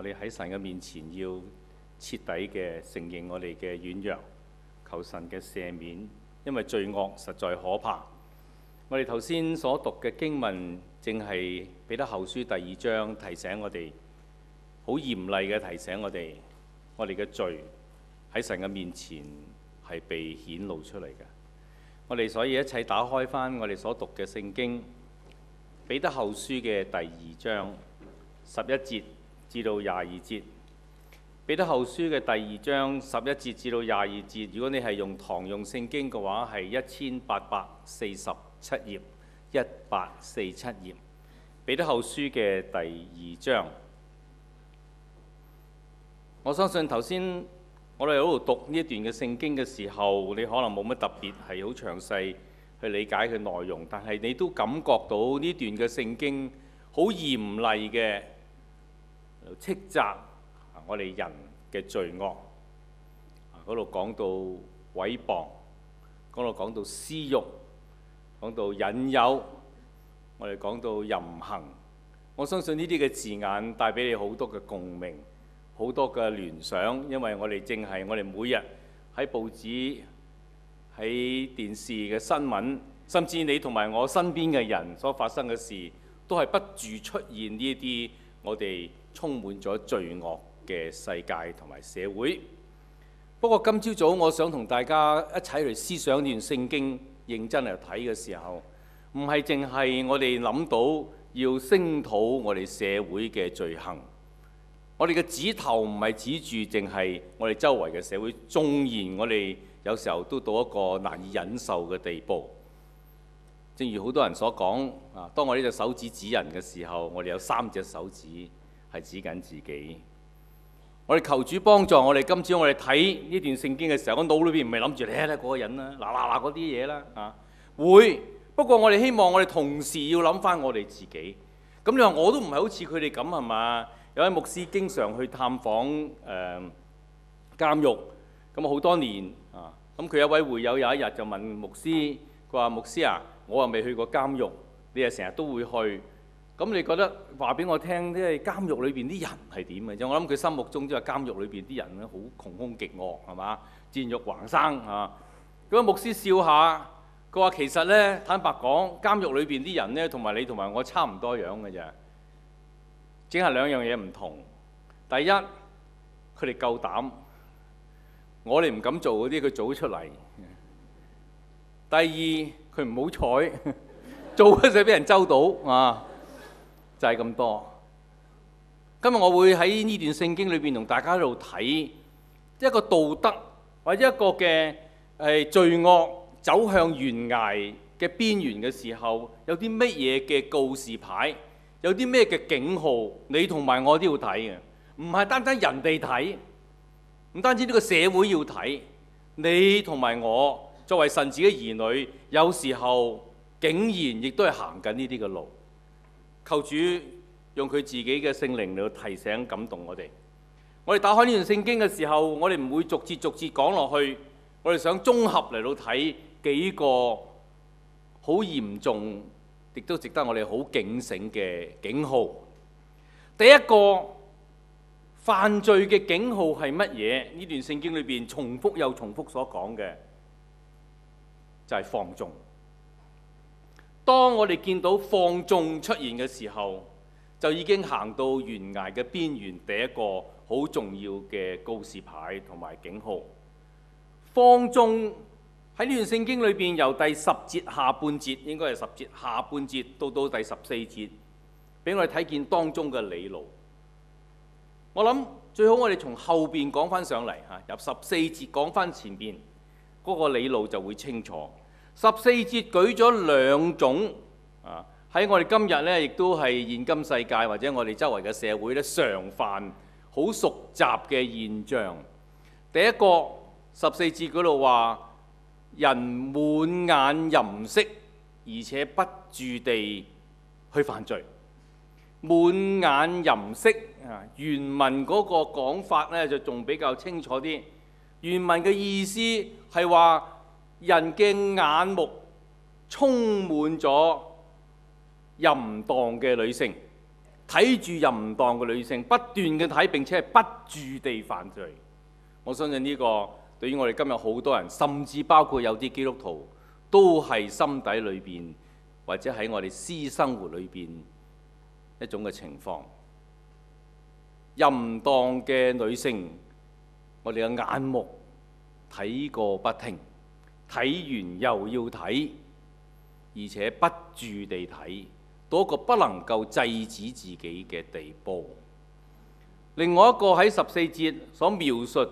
我哋喺神嘅面前要徹底嘅承認我哋嘅軟弱，求神嘅赦免，因為罪惡實在可怕。我哋頭先所讀嘅經文正，正係彼得後書第二章提醒我哋，好嚴厲嘅提醒我哋，我哋嘅罪喺神嘅面前係被顯露出嚟嘅。我哋所以一齊打開翻我哋所讀嘅聖經彼得後書嘅第二章十一節。至到廿二節，彼得後書嘅第二章十一節至到廿二節，如果你係用唐用聖經嘅話，係一千八百四十七頁、一百四七頁，彼得後書嘅第二章，我相信頭先我哋喺度讀呢一段嘅聖經嘅時候，你可能冇乜特別係好詳細去理解佢內容，但係你都感覺到呢段嘅聖經好嚴厲嘅。斥責我哋人嘅罪惡，嗰度講到毀謗，嗰度講到私欲，講到引誘，我哋講到淫行。我相信呢啲嘅字眼帶俾你好多嘅共鳴，好多嘅聯想，因為我哋正係我哋每日喺報紙、喺電視嘅新聞，甚至你同埋我身邊嘅人所發生嘅事，都係不住出現呢啲我哋充滿咗罪惡嘅世界同埋社會。不過今朝早，早，我想同大家一齊嚟思想一段聖經，認真嚟睇嘅時候，唔係淨係我哋諗到要聲討我哋社會嘅罪行。我哋嘅指頭唔係指住淨係我哋周圍嘅社會，縱然我哋有時候都到一個難以忍受嘅地步。正如好多人所講，啊，當我呢隻手指指人嘅時候，我哋有三隻手指。係指緊自己。我哋求主幫助我哋。今次我哋睇呢段聖經嘅時候，我腦裏邊唔係諗住咧咧嗰個人啦、啊、嗱嗱嗱嗰啲嘢啦啊。會，不過我哋希望我哋同時要諗翻我哋自己。咁你話我都唔係好似佢哋咁係嘛？有位牧師經常去探訪誒監獄，咁啊好多年啊。咁佢有位會友有一日就問牧師：佢話、嗯、牧師啊，我又未去過監獄，你係成日都會去？咁你覺得話俾我聽，即係監獄裏邊啲人係點嘅啫？我諗佢心目中即係監獄裏邊啲人咧，好窮兇極惡，係嘛？獸慾橫生啊！咁牧師笑下，佢話其實咧，坦白講，監獄裏邊啲人咧，同埋你同埋我差唔多樣嘅啫，只係兩樣嘢唔同。第一，佢哋夠膽，我哋唔敢做嗰啲，佢做咗出嚟。第二，佢唔好彩，做嗰時俾人捉到啊！就係咁多。今日我會喺呢段聖經裏邊同大家一路睇一個道德或者一個嘅係罪惡走向懸崖嘅邊緣嘅時候，有啲乜嘢嘅告示牌，有啲咩嘅警號，你同埋我都要睇嘅，唔係單單人哋睇，唔單止呢個社會要睇，你同埋我作為神自己嘅兒女，有時候竟然亦都係行緊呢啲嘅路。求主用佢自己嘅聖靈嚟到提醒、感動我哋。我哋打開呢段聖經嘅時候，我哋唔會逐字逐字講落去，我哋想綜合嚟到睇幾個好嚴重，亦都值得我哋好警醒嘅警號。第一個犯罪嘅警號係乜嘢？呢段聖經裏邊重複又重複所講嘅就係放縱。當我哋見到放縱出現嘅時候，就已經行到懸崖嘅邊緣，第一個好重要嘅告示牌同埋警號。放縱喺呢段聖經裏邊，由第十節下半節，應該係十節下半節，到到第十四節，俾我哋睇見當中嘅理路。我諗最好我哋從後邊講翻上嚟嚇，由十四節講翻前邊嗰個理路就會清楚。十四節舉咗兩種啊，喺我哋今日呢，亦都係現今世界或者我哋周圍嘅社會呢，常犯好熟習嘅現象。第一個十四節嗰度話，人滿眼淫色，而且不住地去犯罪。滿眼淫色啊，原文嗰個講法呢，就仲比較清楚啲。原文嘅意思係話，人嘅眼目充滿咗淫蕩嘅女性，睇住淫蕩嘅女性，不斷嘅睇，並且係不住地犯罪。我相信呢個對於我哋今日好多人，甚至包括有啲基督徒，都係心底裏邊或者喺我哋私生活裏邊一種嘅情況。淫蕩嘅女性，我哋嘅眼目睇過不停。睇完又要睇，而且不住地睇，到一個不能夠制止自己嘅地步。另外一個喺十四節所描述，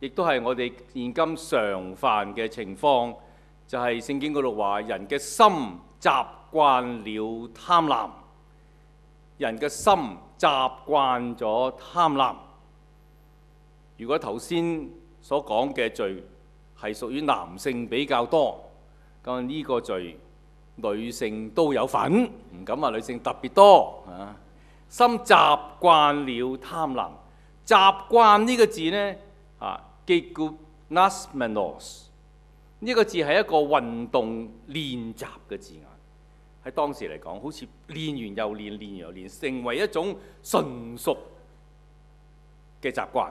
亦都係我哋現今常犯嘅情況，就係、是、聖經嗰度話：人嘅心習慣了貪婪，人嘅心習慣咗貪婪。如果頭先所講嘅罪，係屬於男性比較多，咁、這、呢個罪女性都有份，唔敢話女性特別多啊。心習慣了貪婪，習慣呢個字呢，啊，叫 nasmenos 呢個字係一個運動練習嘅字眼，喺當時嚟講好似練完又練，練完又練，成為一種純熟嘅習慣。習慣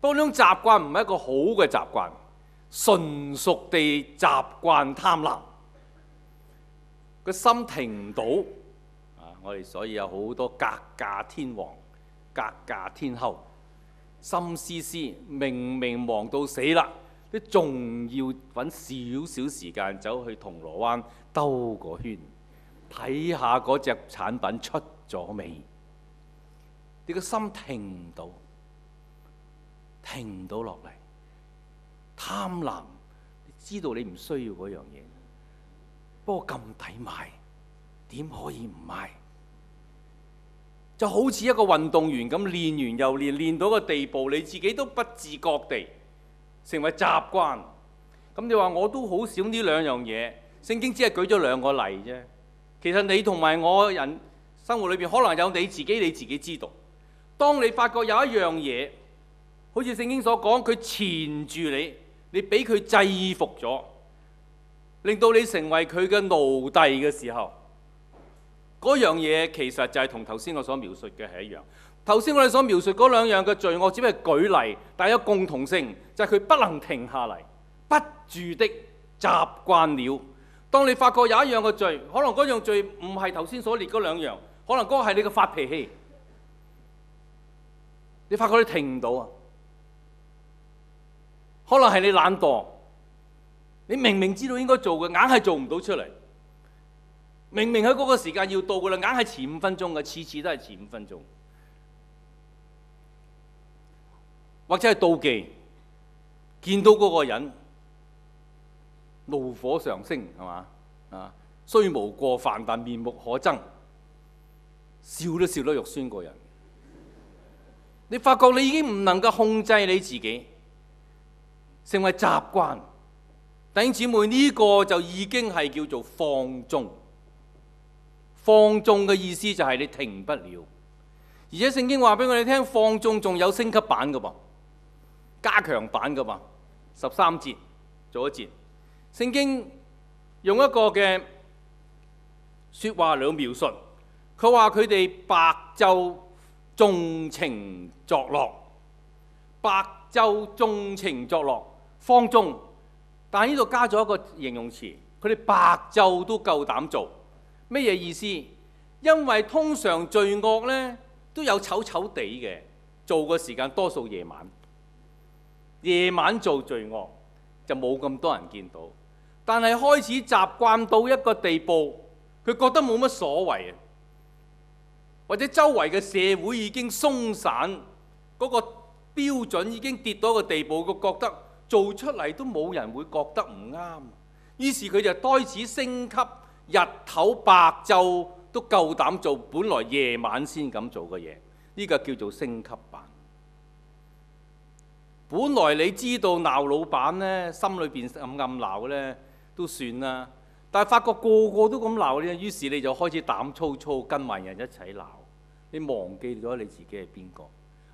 不過，呢種習慣唔係一個好嘅習慣。純熟地習慣貪婪，個心停唔到啊！我哋所以有好多格價天王、格價天后，心思思明明忙到死啦，你仲要搵少少時間走去銅鑼灣兜個圈，睇下嗰隻產品出咗未？你個心停唔到，停唔到落嚟。貪婪，知道你唔需要嗰樣嘢，不過咁抵買，點可以唔買？就好似一個運動員咁練完又練，練到個地步，你自己都不自覺地成為習慣。咁你話我都好少呢兩樣嘢，聖經只係舉咗兩個例啫。其實你同埋我人生活裏邊，可能有你自己你自己知道。當你發覺有一樣嘢，好似聖經所講，佢纏住你。你俾佢制服咗，令到你成為佢嘅奴隸嘅時候，嗰樣嘢其實就係同頭先我所描述嘅係一樣。頭先我哋所描述嗰兩樣嘅罪惡只係舉例，但有共同性就係、是、佢不能停下嚟，不住的習慣了。當你發覺有一樣嘅罪，可能嗰樣罪唔係頭先所列嗰兩樣，可能嗰個係你嘅發脾氣，你發覺你停唔到啊！可能係你懶惰，你明明知道應該做嘅，硬係做唔到出嚟。明明喺嗰個時間要到嘅啦，硬係遲五分鐘嘅，次次都係遲五分鐘。或者係妒忌，見到嗰個人怒火上升，係嘛？啊，雖無過犯，但面目可憎，笑都笑到肉酸，個人。你發覺你已經唔能夠控制你自己。成為習慣，弟兄姊妹呢個就已經係叫做放縱。放縱嘅意思就係你停不了，而且聖經話俾我哋聽，放縱仲有升級版嘅噃，加強版嘅噃。十三節，做一節，聖經用一個嘅説話嚟描述，佢話佢哋白晝縱情作樂，白晝縱情作樂。放縱，但係呢度加咗一個形容詞，佢哋白晝都夠膽做，咩嘢意思？因為通常罪惡咧都有醜醜哋嘅做嘅時間多數夜晚。夜晚做罪惡就冇咁多人見到，但係開始習慣到一個地步，佢覺得冇乜所謂啊，或者周圍嘅社會已經鬆散，嗰個標準已經跌到一個地步，佢覺得。做出嚟都冇人會覺得唔啱，於是佢就開始升級，日頭白晝都夠膽做，本來夜晚先咁做嘅嘢，呢個叫做升級版。本來你知道鬧老闆呢，心裏邊暗暗鬧呢都算啦，但係發覺個個都咁鬧呢，於是你就開始膽粗粗跟埋人一齊鬧，你忘記咗你自己係邊個？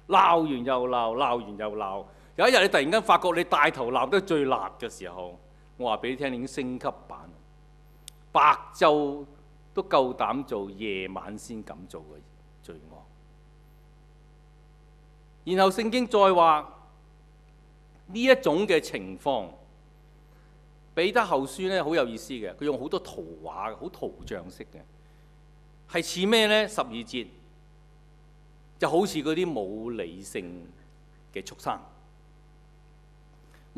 鬧完又鬧，鬧完又鬧。有一日你突然間發覺你大頭鬧得最辣嘅時候，我話俾你聽，你已經升級版，白晝都夠膽做，夜晚先敢做嘅罪惡。然後聖經再話呢一種嘅情況，彼得後書咧好有意思嘅，佢用好多圖畫，好圖像式嘅，係似咩咧？十二節就好似嗰啲冇理性嘅畜生。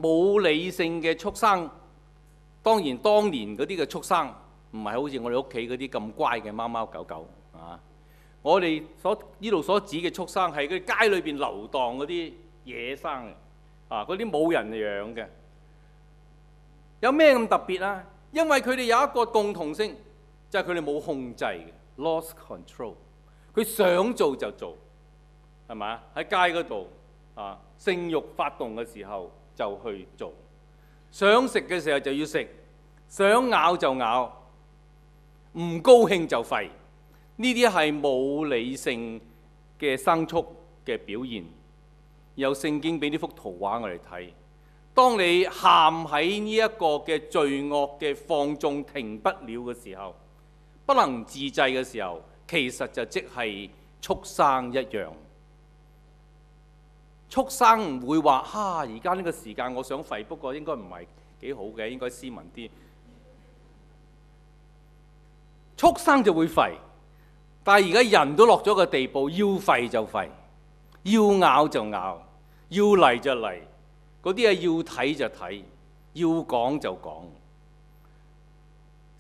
冇理性嘅畜生，當然當年嗰啲嘅畜生唔係好似我哋屋企嗰啲咁乖嘅貓貓狗狗啊。我哋所呢度所指嘅畜生係佢街裏邊流蕩嗰啲野生嘅啊，嗰啲冇人養嘅。有咩咁特別啊？因為佢哋有一個共同性，就係佢哋冇控制嘅 （lost control）。佢想做就做，係咪啊？喺街嗰度啊，性慾發動嘅時候。就去做，想食嘅時候就要食，想咬就咬，唔高興就吠，呢啲係冇理性嘅生畜嘅表現，有聖經俾呢幅圖畫我哋睇，當你陷喺呢一個嘅罪惡嘅放縱停不了嘅時候，不能自制嘅時候，其實就即係畜生一樣。畜生唔會話哈，而家呢個時間我想吠，不過應該唔係幾好嘅，應該斯文啲。畜生就會吠，但係而家人都落咗個地步，要吠就吠，要咬就咬，要嚟就嚟，嗰啲嘢要睇就睇，要講就講。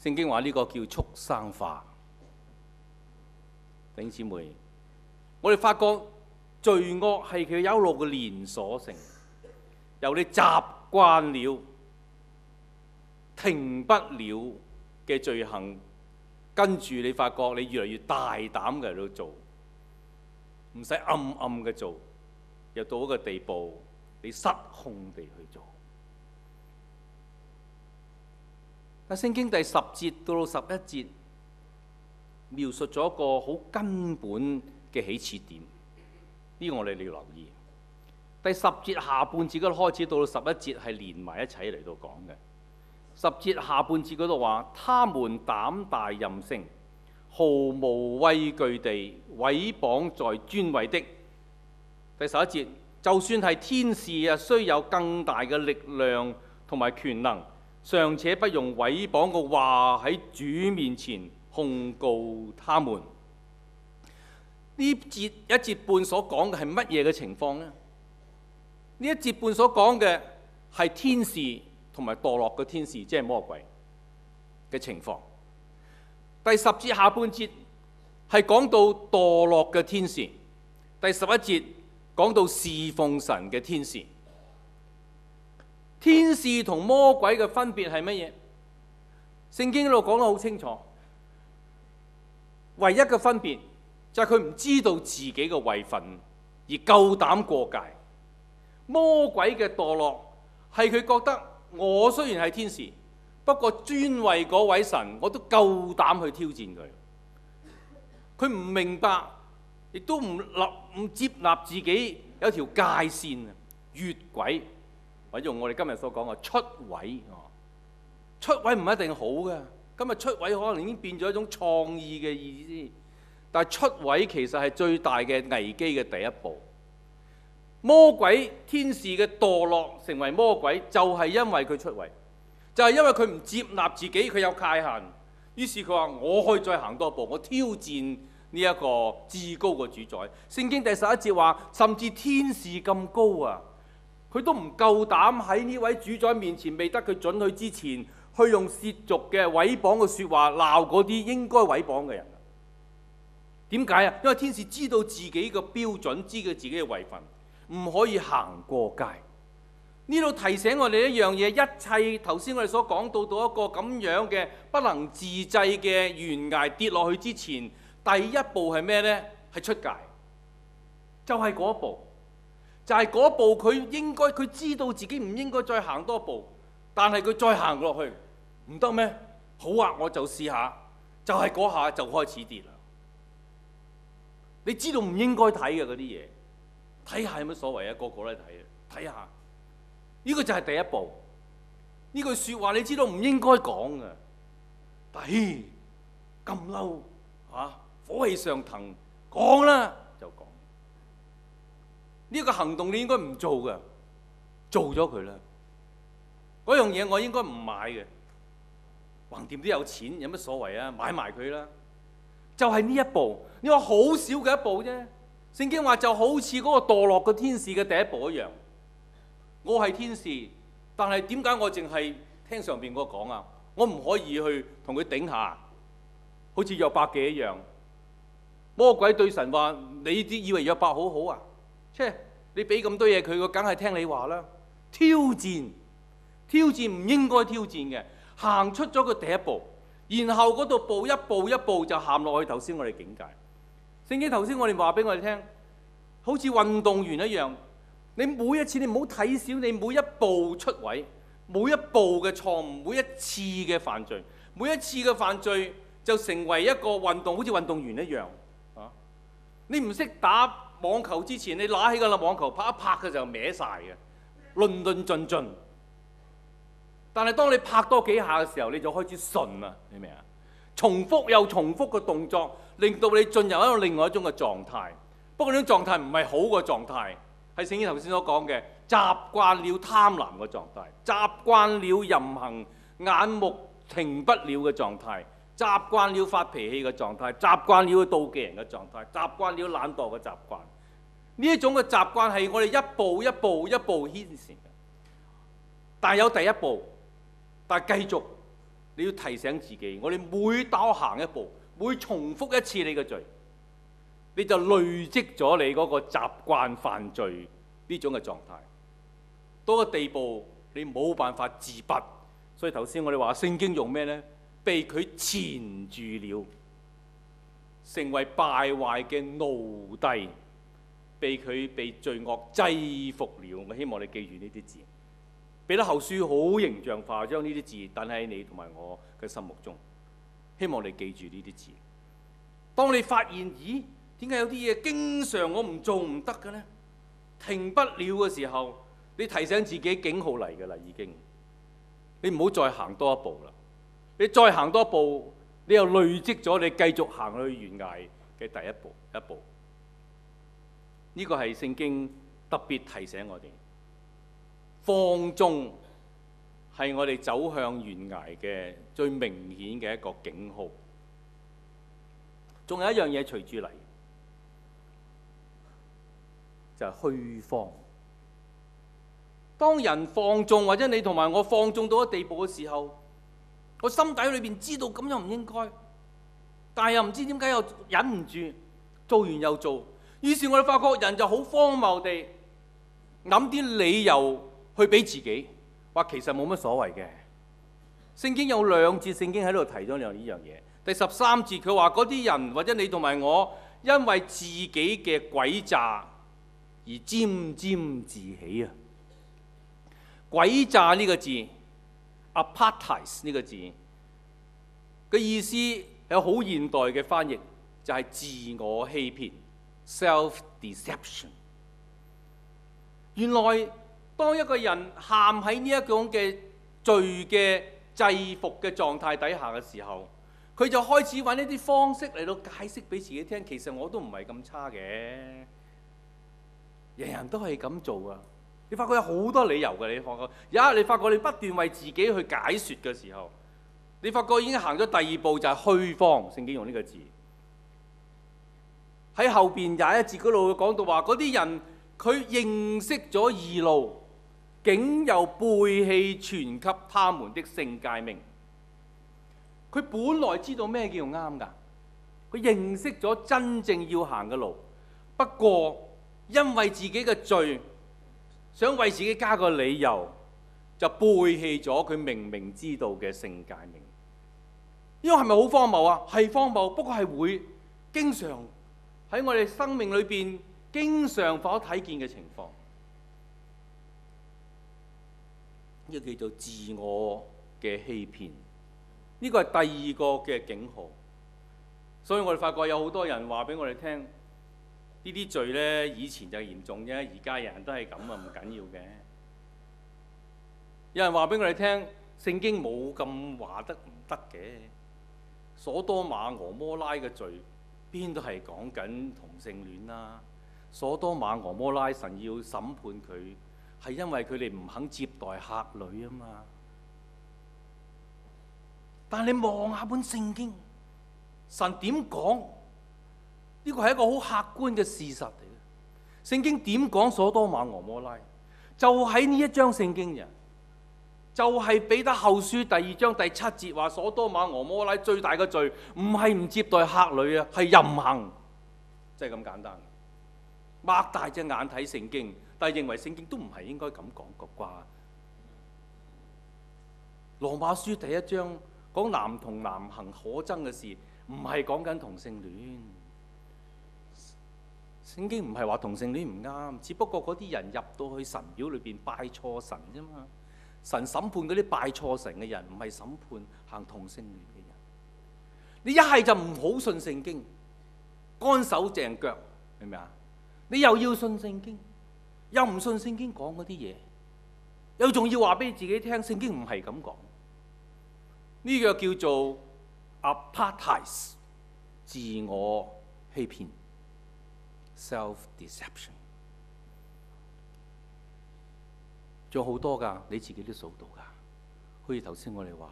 聖經話呢個叫畜生化。頂姊妹，我哋發覺。罪惡係佢有路嘅連鎖性，由你習慣了，停不了嘅罪行，跟住你發覺你越嚟越大膽喺度做，唔使暗暗嘅做，又到一個地步，你失控地去做。但聖經第十節到十一節描述咗一個好根本嘅起始點。呢，我哋你要留意。第十節下半節嗰度開始，到到十一節係連埋一齊嚟到講嘅。十節下半節嗰度話：他們膽大任性，毫無畏懼地毀謗在尊位的。第十一節，就算係天使啊，雖有更大嘅力量同埋權能，尚且不用毀謗嘅話喺主面前控告他們。呢節一節半所講嘅係乜嘢嘅情況呢？呢一節半所講嘅係天使同埋墮落嘅天使，即係魔鬼嘅情況。第十節下半節係講到墮落嘅天使，第十一節講到侍奉神嘅天使。天使同魔鬼嘅分別係乜嘢？聖經一路講得好清楚，唯一嘅分別。就係佢唔知道自己嘅位份，而夠膽過界。魔鬼嘅墮落係佢覺得，我雖然係天使，不過尊為嗰位神，我都夠膽去挑戰佢。佢唔明白，亦都唔立唔接納自己有條界線啊，越軌或者用我哋今日所講嘅出位。出位唔一定好嘅，今日出位可能已經變咗一種創意嘅意思。但出位其實係最大嘅危機嘅第一步。魔鬼天使嘅墮落成為魔鬼，就係因為佢出位，就係因為佢唔接納自己，佢有界限，於是佢話我可以再行多一步，我挑戰呢一個至高嘅主宰。聖經第十一節話，甚至天使咁高啊，佢都唔夠膽喺呢位主宰面前未得佢准許之前，去用涉俗嘅毀謗嘅説話鬧嗰啲應該毀謗嘅人。點解啊？因為天使知道自己個標準，知道自己嘅位份，唔可以行過界。呢度提醒我哋一樣嘢，一切頭先我哋所講到到一個咁樣嘅不能自制嘅懸崖跌落去之前，第一步係咩呢？係出界，就係嗰一步，就係嗰步。佢應該佢知道自己唔應該再行多步，但係佢再行落去唔得咩？好啊，我就試下，就係嗰下就開始跌啦。你知道唔應該睇嘅嗰啲嘢，睇下有乜所謂啊？個個都睇啊，睇下，呢、這個就係第一步。呢句說話你知道唔應該講嘅，但咁嬲嚇，火氣上騰，講啦就講。呢、這個行動你應該唔做嘅，做咗佢啦。嗰樣嘢我應該唔買嘅，橫掂都有錢，有乜所謂啊？買埋佢啦。就係呢一步，你話好少嘅一步啫。聖經話就好似嗰個墮落嘅天使嘅第一步一樣。我係天使，但係點解我淨係聽上邊個講啊？我唔可以去同佢頂下，好似約伯嘅一樣。魔鬼對神話：你啲以為約伯好好啊？切，你俾咁多嘢佢，佢梗係聽你話啦。挑戰，挑戰唔應該挑戰嘅，行出咗個第一步。然後嗰度步一步一步就行落去，頭先我哋警戒。聖經頭先我哋話俾我哋聽，好似運動員一樣，你每一次你唔好睇小你每一步出位，每一步嘅錯誤，每一次嘅犯罪，每一次嘅犯，犯罪就成為一個運動，好似運動員一樣。嚇，你唔識打網球之前，你攞起個啦網球拍一拍嘅就歪晒嘅，論論盡盡。但係當你拍多幾下嘅時候，你就開始順啦，你明啊？重複又重複嘅動作，令到你進入一個另外一種嘅狀態。不過呢種狀態唔係好嘅狀態，係聖經頭先所講嘅習慣了貪婪嘅狀態，習慣了淫行眼目停不了嘅狀態，習慣了發脾氣嘅狀態，習慣了妒忌人嘅狀態，習慣了懶惰嘅習慣。呢一種嘅習慣係我哋一步一步一步牽涉嘅，但有第一步。但係繼續，你要提醒自己，我哋每當行一步，每重複一次你嘅罪，你就累積咗你嗰個習慣犯罪呢種嘅狀態。到個地步，你冇辦法自拔。所以頭先我哋話聖經用咩咧？被佢纏住了，成為敗壞嘅奴隸，被佢被罪惡制服了。我希望你記住呢啲字。彼得後書好形象化，將呢啲字，等喺你同埋我嘅心目中，希望你記住呢啲字。當你發現，咦，點解有啲嘢經常我唔做唔得嘅咧？停不了嘅時候，你提醒自己警號嚟嘅啦，已經。你唔好再行多一步啦。你再行多一步，你又累積咗，你繼續行去懸崖嘅第一步，一步。呢個係聖經特別提醒我哋。放縱係我哋走向懸崖嘅最明顯嘅一個警號。仲有一樣嘢隨住嚟，就係虛謊。當人放縱或者你同埋我放縱到一地步嘅時候，我心底裏邊知道咁又唔應該，但係又唔知點解又忍唔住，做完又做。於是我哋發覺人就好荒謬地諗啲理由。去俾自己話其實冇乜所謂嘅。聖經有兩節聖經喺度提咗兩呢樣嘢。第十三節佢話，嗰啲人或者你同埋我，因為自己嘅詭詐而沾沾自喜啊。詭詐呢個字，apartis 呢個字嘅意思係好現代嘅翻譯，就係、是、自我欺騙，self-deception。原來。當一個人喊喺呢一種嘅罪嘅制服嘅狀態底下嘅時候，佢就開始揾呢啲方式嚟到解釋俾自己聽。其實我都唔係咁差嘅，人人都係咁做啊！你發覺有好多理由嘅，你發覺有你發覺你不斷為自己去解説嘅時候，你發覺已經行咗第二步，就係、是、虛謊」，聖經用呢個字喺後邊廿一節嗰度會講到話，嗰啲人佢認識咗義路。竟又背棄傳給他們的聖誡命。佢本來知道咩叫啱噶，佢認識咗真正要行嘅路，不過因為自己嘅罪，想為自己加個理由，就背棄咗佢明明知道嘅聖誡命。呢個係咪好荒謬啊？係荒謬，不過係會經常喺我哋生命裏邊經常否睇見嘅情況。呢個叫做自我嘅欺騙，呢個係第二個嘅警號。所以我哋發覺有好多人話俾我哋聽，呢啲罪咧，以前就嚴重啫，而家人人都係咁啊，唔緊要嘅。有人話俾我哋聽，聖經冇咁話得唔得嘅？所多瑪俄摩拉嘅罪邊都係講緊同性戀啦。所多瑪俄摩拉，神要審判佢。係因為佢哋唔肯接待客旅啊嘛，但係你望下本聖經，神點講？呢個係一個好客觀嘅事實嚟嘅。聖經點講所多瑪俄摩拉？就喺、是、呢一張聖經啫，就係彼得後書第二章第七節話所多瑪俄摩拉最大嘅罪，唔係唔接待客旅，啊，係淫行，即係咁簡單。擘大隻眼睇聖經。係認為聖經都唔係應該咁講嘅啩，《羅馬書》第一章講男同男行可憎嘅事，唔係講緊同性戀。聖經唔係話同性戀唔啱，只不過嗰啲人入到去神廟裏邊拜錯神啫嘛。神審判嗰啲拜錯神嘅人，唔係審判行同性戀嘅人。你一係就唔好信聖經，乾手淨腳，明唔明啊？你又要信聖經？又唔信聖經講啲嘢，又仲要話俾自己聽聖經唔係咁講，呢個叫做 aparties 自我欺騙 self deception，仲好多噶，你自己都數到噶。好似頭先我哋話，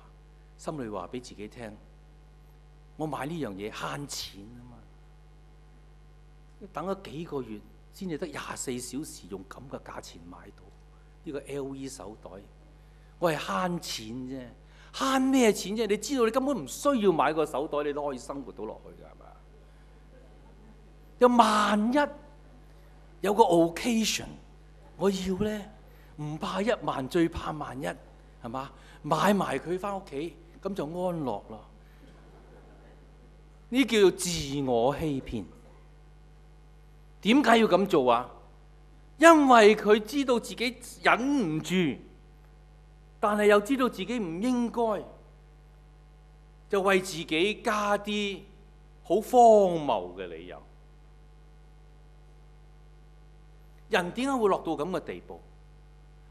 心裏話俾自己聽，我買呢樣嘢慳錢啊嘛，等咗幾個月。先至得廿四小時用咁嘅價錢買到呢個 L.E 手袋，我係慳錢啫，慳咩錢啫？你知道你根本唔需要買個手袋，你都可以生活到落去嘅係嘛？有萬一有個 occasion，我要咧，唔怕一萬，最怕萬一係嘛？買埋佢翻屋企，咁就安樂咯。呢叫做自我欺騙。點解要咁做啊？因為佢知道自己忍唔住，但係又知道自己唔應該，就為自己加啲好荒謬嘅理由。人點解會落到咁嘅地步？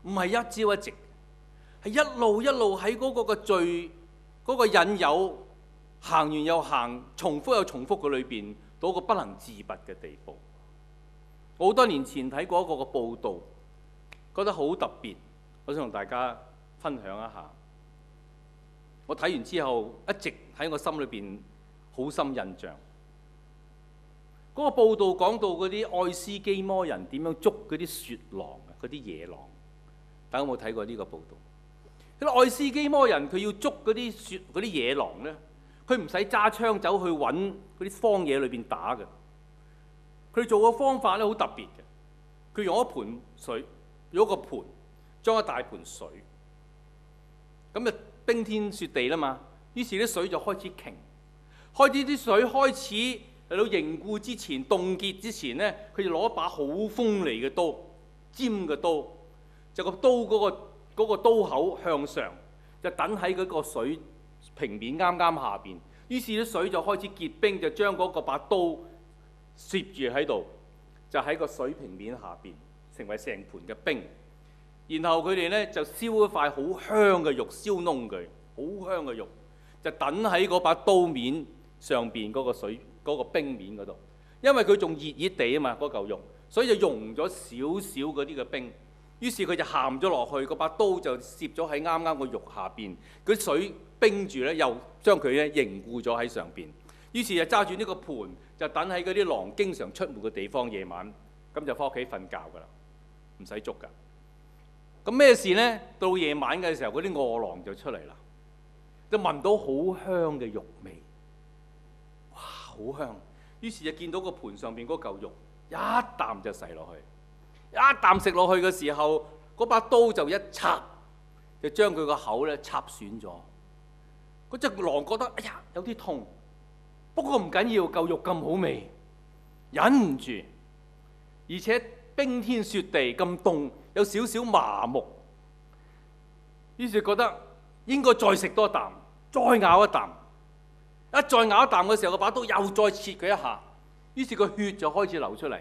唔係一朝一夕，係一路一路喺嗰個罪、嗰個引誘，行完又行，重複又重複嘅裏邊，到一個不能自拔嘅地步。好多年前睇過一個個報道，覺得好特別，我想同大家分享一下。我睇完之後，一直喺我心裏邊好深印象。嗰個報道講到嗰啲愛斯基摩人點樣捉嗰啲雪狼啊，嗰啲野狼。大家有冇睇過呢個報道？佢愛斯基摩人佢要捉嗰啲雪嗰啲野狼咧，佢唔使揸槍走去揾嗰啲荒野裏邊打嘅。佢做個方法咧好特別嘅，佢用一盆水，用一個盤裝一大盆水，咁就冰天雪地啦嘛。於是啲水就開始凝，開始啲水開始嚟到凝固之前、凍結之前咧，佢就攞一把好鋒利嘅刀，尖嘅刀，就刀、嗰個刀嗰、嗰個刀口向上，就等喺嗰個水平面啱啱下邊。於是啲水就開始結冰，就將嗰把刀，攝住喺度，就喺個水平面下邊，成為成盤嘅冰。然後佢哋呢，就燒一塊好香嘅肉燒，燒燶佢，好香嘅肉，就等喺嗰把刀面上邊嗰個水嗰、嗰個、冰面嗰度。因為佢仲熱熱地啊嘛，嗰嚿肉，所以就溶咗少少嗰啲嘅冰。於是佢就陷咗落去，嗰把刀就攝咗喺啱啱個肉下邊，佢水冰住呢，又將佢呢凝固咗喺上邊。於是就揸住呢個盤。就等喺嗰啲狼經常出門嘅地方，夜晚咁就翻屋企瞓覺㗎啦，唔使捉㗎。咁咩事咧？到夜晚嘅時候，嗰啲餓狼就出嚟啦，就聞到好香嘅肉味，哇，好香！於是就見到個盤上邊嗰嚿肉，一啖就噬落去，一啖食落去嘅時候，嗰把刀就一插，就將佢個口咧插損咗。嗰隻狼覺得哎呀，有啲痛。不過唔緊要，夠肉咁好味，忍唔住，而且冰天雪地咁凍，有少少麻木，於是覺得應該再食多啖，再咬一啖。一再咬一啖嘅時候，個把刀又再切佢一下，於是個血就開始流出嚟。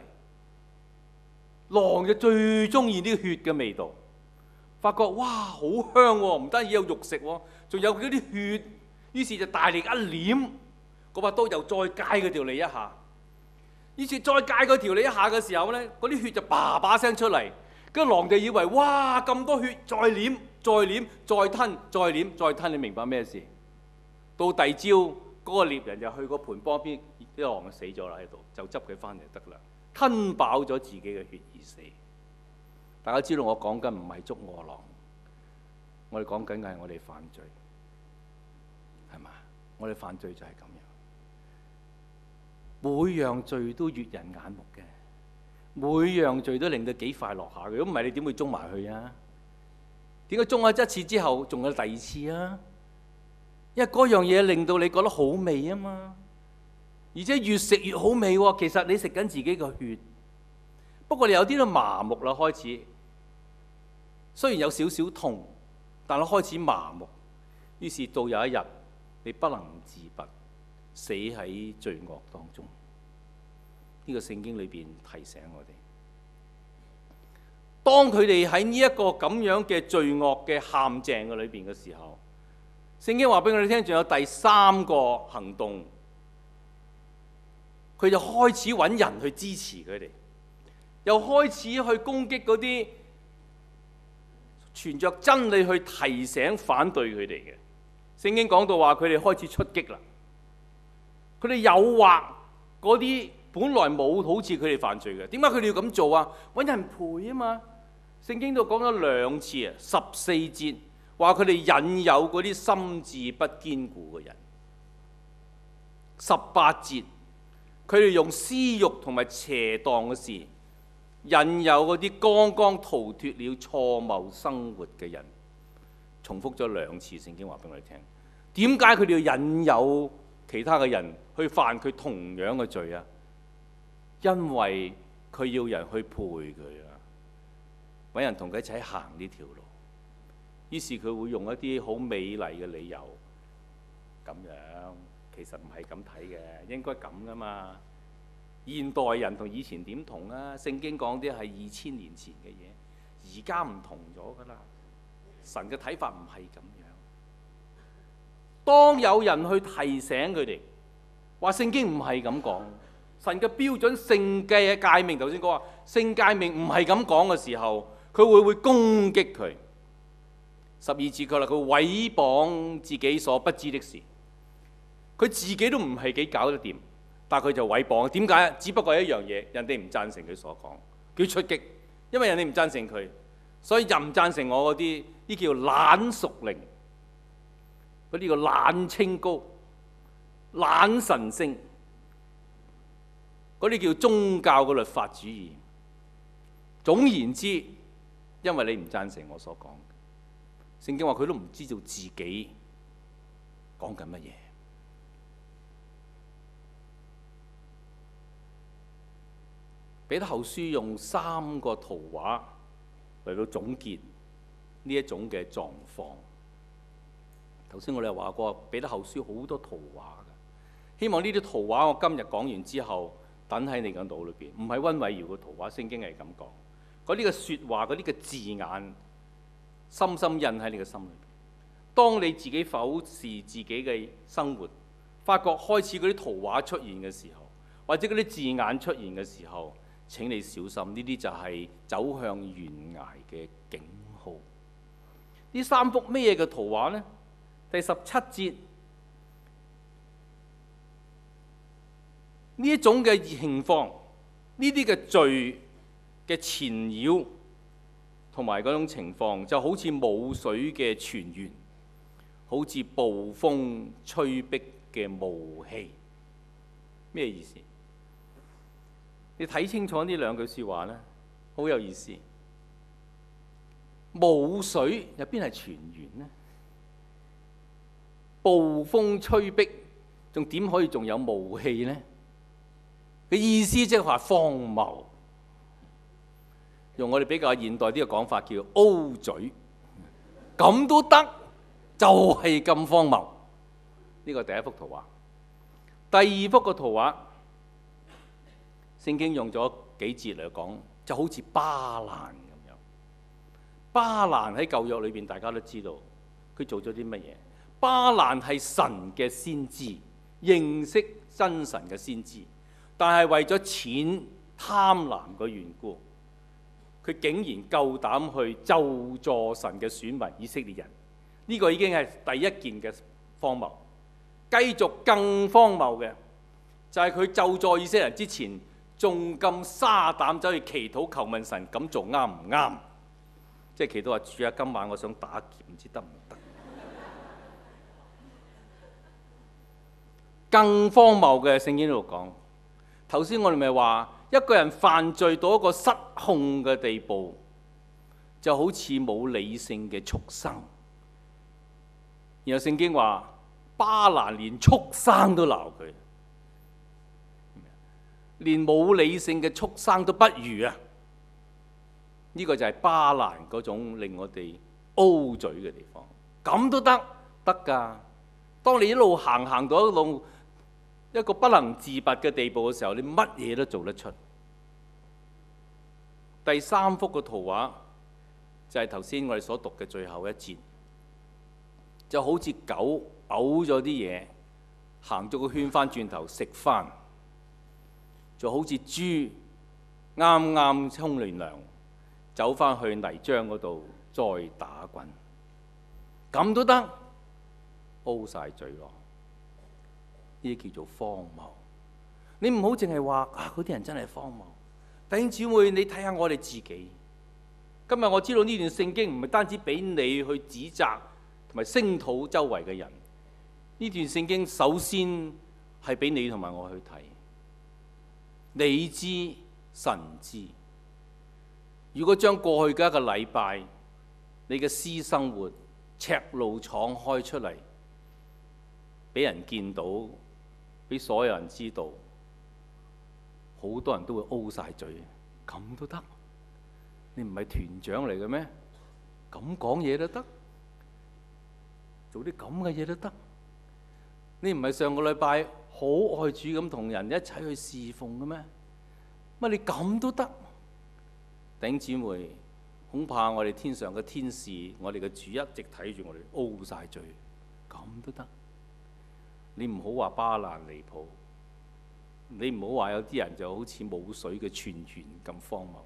狼就最中意呢個血嘅味道，發覺，哇，好香喎，唔單止有肉食喎，仲有佢啲血，於是就大力一舐。嗰把刀又再戒佢條脷一下，於是再戒佢條脷一下嘅時候咧，嗰啲血就叭叭聲出嚟。個狼就以為，哇咁多血，再斂，再斂，再吞，再斂，再吞，你明白咩事？到第二朝，嗰、嗰個獵人就去個盤幫邊，啲、那個、狼就死咗啦喺度，就執佢翻嚟就得啦。吞飽咗自己嘅血而死。大家知道我講緊唔係捉餓狼，我哋講緊嘅係我哋犯罪，係嘛？我哋犯罪就係咁樣。每樣罪都悅人眼目嘅，每樣罪都令到幾快樂下嘅。如果唔係，你點會中埋佢啊？點解中咗一次之後，仲有第二次啊？因為嗰樣嘢令到你覺得好味啊嘛，而且越食越好味喎。其實你食緊自己嘅血，不過你有啲都麻木啦，開始。雖然有少少痛，但我開始麻木，於是到有一日，你不能自拔。死喺罪惡當中，呢、這個聖經裏邊提醒我哋：當佢哋喺呢一個咁樣嘅罪惡嘅陷阱嘅裏邊嘅時候，聖經話俾我哋聽，仲有第三個行動，佢就開始揾人去支持佢哋，又開始去攻擊嗰啲存着真理去提醒、反對佢哋嘅。聖經講到話，佢哋開始出擊啦。佢哋誘惑嗰啲本來冇好似佢哋犯罪嘅，點解佢哋要咁做啊？揾人賠啊嘛！聖經都講咗兩次啊，十四節話佢哋引誘嗰啲心志不堅固嘅人；十八節佢哋用私欲同埋邪當嘅事引誘嗰啲剛剛逃脫了錯謬生活嘅人。重複咗兩次，聖經話俾我哋聽，點解佢哋要引誘？其他嘅人去犯佢同樣嘅罪啊，因為佢要人去陪佢啊，揾人同佢一齊行呢條路，於是佢會用一啲好美麗嘅理由，咁樣，其實唔係咁睇嘅，應該咁噶嘛。現代人同以前點同啊？聖經講啲係二千年前嘅嘢，而家唔同咗㗎啦，神嘅睇法唔係咁。當有人去提醒佢哋，話聖經唔係咁講，神嘅標準聖嘅誡命。頭先講話，聖誡命唔係咁講嘅時候，佢會會攻擊佢。十二節佢啦，佢毀謗自己所不知的事，佢自己都唔係幾搞得掂，但係佢就毀謗。點解？只不過係一樣嘢，人哋唔贊成佢所講，佢出擊，因為人哋唔贊成佢，所以就唔贊成我嗰啲，呢叫懶熟靈。嗰啲叫懶清高、懶神聖，嗰啲叫宗教嘅律法主義。總言之，因為你唔贊成我所講，聖經話佢都唔知道自己講緊乜嘢。彼得後書用三個圖畫嚟到總結呢一種嘅狀況。頭先我哋又話過，彼得後書好多圖畫嘅。希望呢啲圖畫，我今日講完之後，等喺你嘅腦裏邊，唔係温偉耀嘅圖畫。聖經係咁講，嗰啲嘅説話，嗰啲嘅字眼，深深印喺你嘅心裏邊。當你自己否視自己嘅生活，發覺開始嗰啲圖畫出現嘅時候，或者嗰啲字眼出現嘅時候，請你小心呢啲就係走向懸崖嘅警號。呢三幅咩嘅圖畫咧？第十七節呢一種嘅情況，呢啲嘅罪嘅纏繞同埋嗰種情況，就好似冇水嘅泉源，好似暴風吹逼嘅霧氣，咩意思？你睇清楚呢兩句説話咧，好有意思。冇水入邊係泉源咧？暴風吹逼，仲點可以仲有霧氣呢？佢意思即係話荒謬。用我哋比較現代啲嘅講法叫，叫 O 嘴，咁都得，就係、是、咁荒謬。呢、這個第一幅圖畫，第二幅個圖畫，聖經用咗幾節嚟講，就好似巴蘭咁樣。巴蘭喺舊約裏邊，大家都知道佢做咗啲乜嘢。巴蘭係神嘅先知，認識真神嘅先知，但係為咗錢貪婪嘅緣故，佢竟然夠膽去咒詛神嘅選民以色列人，呢個已經係第一件嘅荒謬。繼續更荒謬嘅就係佢咒詛以色列人之前，仲咁沙膽走去祈禱求問神，咁做啱唔啱？即係祈禱話主啊，今晚我想打劫，唔知得唔得？更荒謬嘅，聖經度講，頭先我哋咪話一個人犯罪到一個失控嘅地步，就好似冇理性嘅畜生。然後聖經話巴蘭連畜生都鬧佢，連冇理性嘅畜生都不如啊！呢個就係巴蘭嗰種令我哋 O 嘴嘅地方。咁都得得㗎？當你一路行行到一路。一個不能自拔嘅地步嘅時候，你乜嘢都做得出。第三幅嘅圖畫就係頭先我哋所讀嘅最後一節，就好似狗嘔咗啲嘢，行咗個圈翻轉頭食翻，就好似豬啱啱沖完涼，走翻去泥漿嗰度再打滾，咁都得，嘔晒嘴咯。呢啲叫做荒謬。你唔好淨係話啊！嗰啲人真係荒謬。弟兄姊妹，你睇下我哋自己。今日我知道呢段聖經唔係單止俾你去指責同埋聲討周圍嘅人。呢段聖經首先係俾你同埋我去睇。你知神知。如果將過去嘅一個禮拜，你嘅私生活赤露敞開出嚟，俾人見到。俾所有人知道，好多人都會 O 曬嘴，咁都得？你唔係團長嚟嘅咩？咁講嘢都得？做啲咁嘅嘢都得？你唔係上個禮拜好愛主咁同人一齊去侍奉嘅咩？乜你咁都得？頂姊妹，恐怕我哋天上嘅天使，我哋嘅主一直睇住我哋 O 曬嘴，咁都得？你唔好話巴蘭離譜，你唔好話有啲人就好似冇水嘅泉源咁荒謬。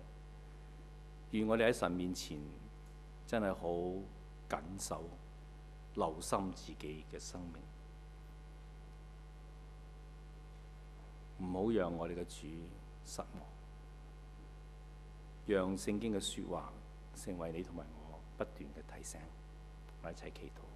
願我哋喺神面前真係好謹守，留心自己嘅生命，唔好讓我哋嘅主失望。讓聖經嘅説話成為你同埋我不斷嘅提醒。我一齊祈禱。